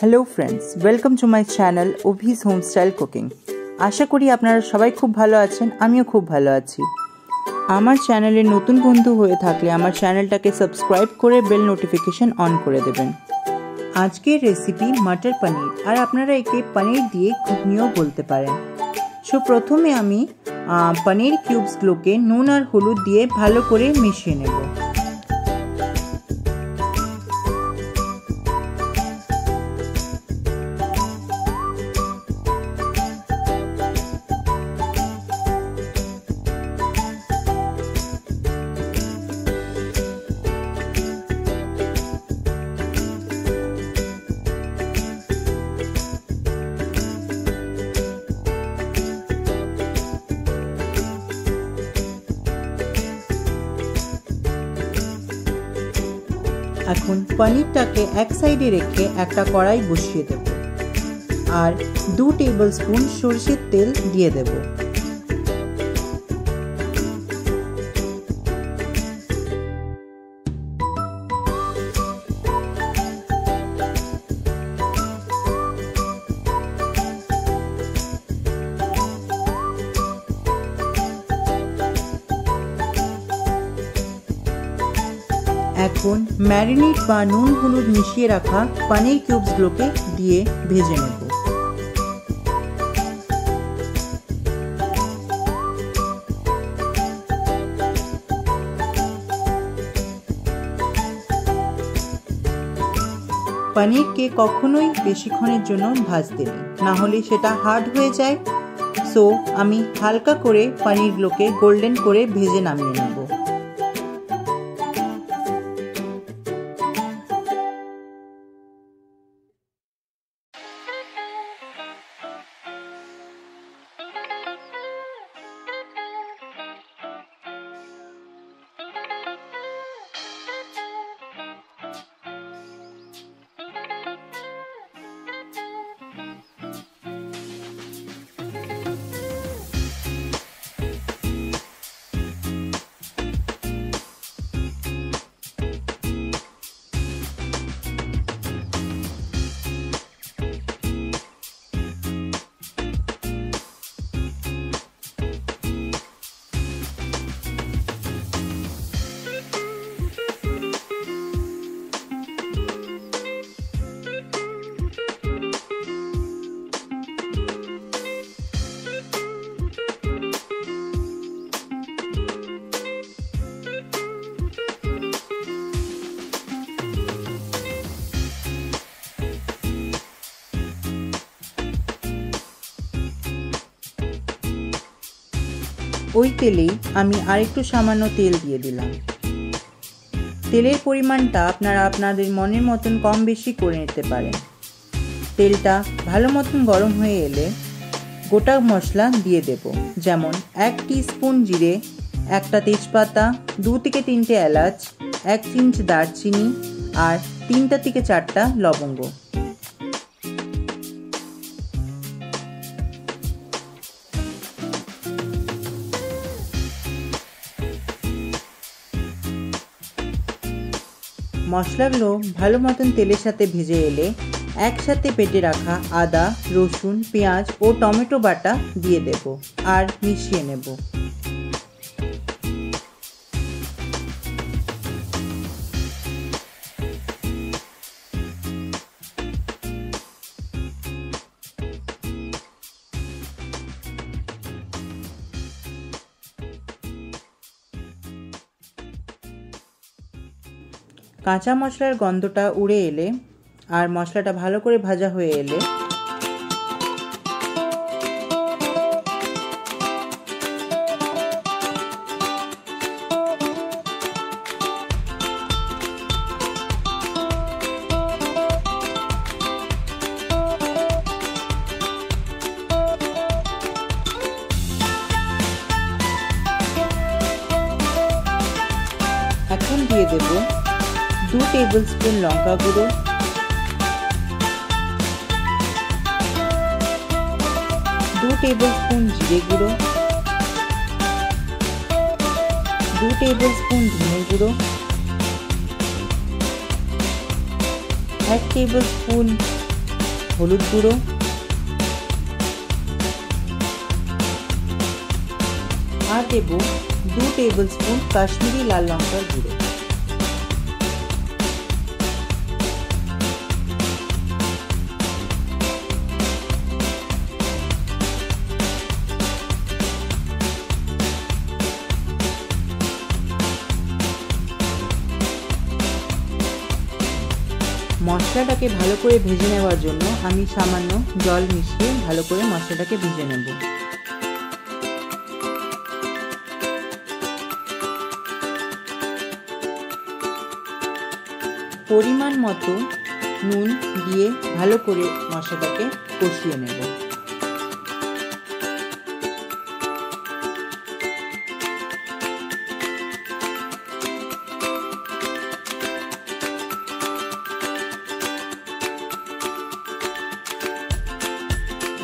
hello friends welcome to my channel Abhi's homestyle cooking আশা করি আপনারা সবাই খুব ভালো আছেন আমিও খুব ভালো আছি আমার চ্যানেলে নতুন বন্ধু হয়ে থাকলে আমার চ্যানেলটাকে সাবস্ক্রাইব করে বেল নোটিফিকেশন অন করে দেবেন আজকের রেসিপি মাটার পনির আর আপনারা একে পনির দিয়ে ঘুগনিও বলতে পারেন সো প্রথমে আমি পনির কিউবসগুলোকে নুন আর হলুদ দিয়ে ভালো করে মিশিয়ে নেবো এখন পনিরটাকে এক সাইডে রেখে একটা কড়াই বসিয়ে দেব আর দু টেবিল স্পুন সর্ষের তেল দিয়ে দেবো এখন ম্যারিনেট বা নুন হলুদ মিশিয়ে রাখা পানির কিউবসগুলোকে দিয়ে ভেজে নেব পনিরকে কখনোই বেশিক্ষণের জন্য ভাজতে নেই না হলে সেটা হার্ড হয়ে যায় সো আমি হালকা করে পনিরগুলোকে গোল্ডেন করে ভেজে নামিয়ে নেবো ওই তেলেই আমি আরেকটু সামান্য তেল দিয়ে দিলাম তেলের পরিমাণটা আপনারা আপনাদের মনের মতন কম বেশি করে নিতে পারেন তেলটা ভালো মতন গরম হয়ে এলে গোটা মশলা দিয়ে দেব যেমন এক স্পুন জিরে একটা তেজপাতা দু থেকে তিনটে এলাচ এক চিঞ্চ দারচিনি আর তিনটা থেকে চারটা লবঙ্গ মশলাগুলো ভালো মতন তেলের সাথে ভেজে এলে একসাথে পেটে রাখা আদা রসুন পেঁয়াজ ও টমেটো বাটা দিয়ে দেব আর মিশিয়ে নেব কাঁচা মশলার গন্ধটা উড়ে এলে আর মশলাটা ভালো করে ভাজা হয়ে এলে এখন দিয়ে দেবো 2 टेबलस्पून लौंगा गुड़ो 2 स्पून जीरे गुड़ो 2 स्पून धनिया गुड़ो 1 टेबलस्पून हलुद गुड़ो आ देव दो टेबलस्पून कश्मीरी लाल लंकार गुड़ो মশলাটাকে ভালো করে ভেজে নেওয়ার জন্য আমি সামান্য জল মিশিয়ে ভালো করে মশলাটাকে ভেজে নেব পরিমাণ মতো নুন দিয়ে ভালো করে মশলাটাকে কষিয়ে নেবো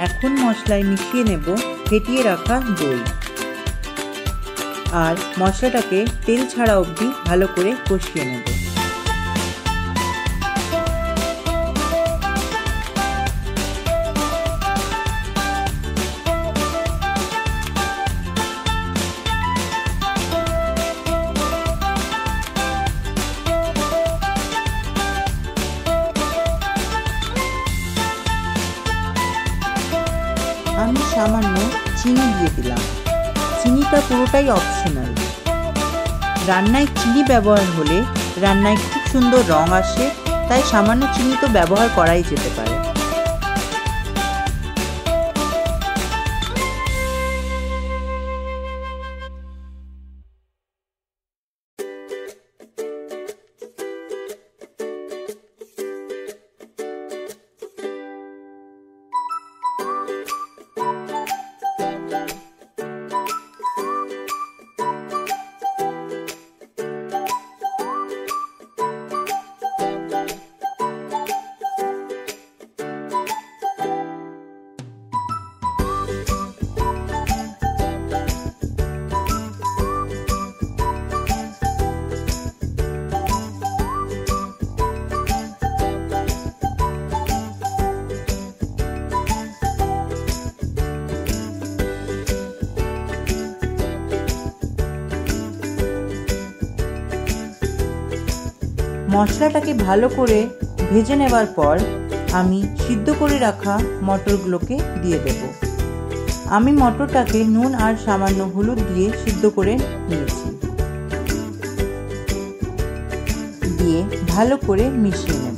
এখন মশলায় মিশিয়ে নেব ফেটিয়ে রাখা দই আর মশলাটাকে তেল ছাড়া অবধি ভালো করে কষিয়ে নেবো দিয়েছিলাম চিনিটা পুরোটাই অপশনাল রান্নায় চিনি ব্যবহার হলে রান্নায় খুব সুন্দর রং আসে তাই সামান্য চিনি তো ব্যবহার করাই যেতে পারে মশলাটাকে ভালো করে ভেজে নেবার পর আমি সিদ্ধ করে রাখা মটরগুলোকে দিয়ে দেব আমি মটরটাকে নুন আর সামান্য হলুদ দিয়ে সিদ্ধ করে নিয়েছি দিয়ে ভালো করে মিশিয়ে নেব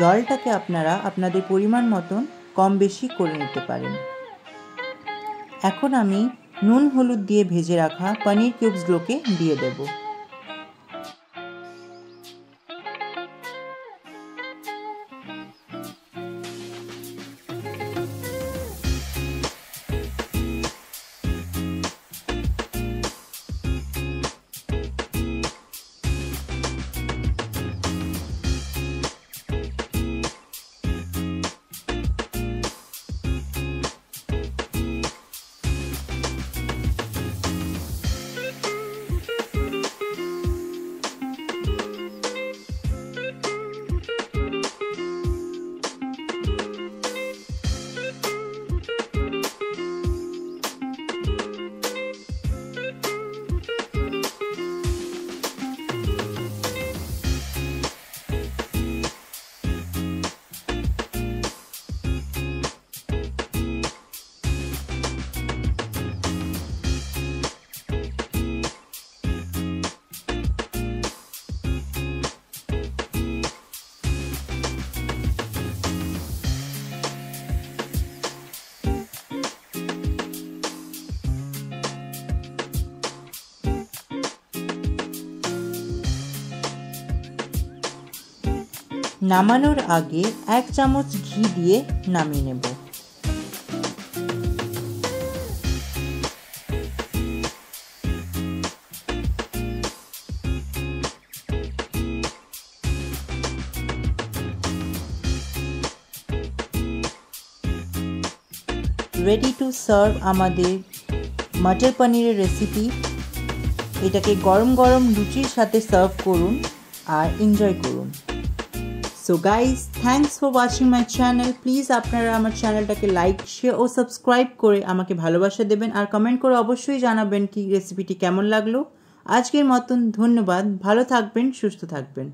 জলটাকে আপনারা আপনাদের পরিমাণ মতন কম বেশি করে নিতে পারেন এখন আমি নুন হলুদ দিয়ে ভেজে রাখা পনির কিউবসগুলোকে দিয়ে দেবো নামানোর আগে এক চামচ ঘি দিয়ে নামিয়ে নেব রেডি টু সার্ভ আমাদের মটর পনিরের রেসিপি এটাকে গরম গরম লুচির সাথে সার্ভ করুন আর এনজয় করুন so guys thanks for watching my channel please আপনারা আমার চ্যানেলটাকে লাইক শেয়ার ও সাবস্ক্রাইব করে আমাকে ভালোবাসা দেবেন আর কমেন্ট করে অবশ্যই জানাবেন কি রেসিপিটি কেমন লাগলো আজকের মতন ধন্যবাদ ভালো থাকবেন সুস্থ থাকবেন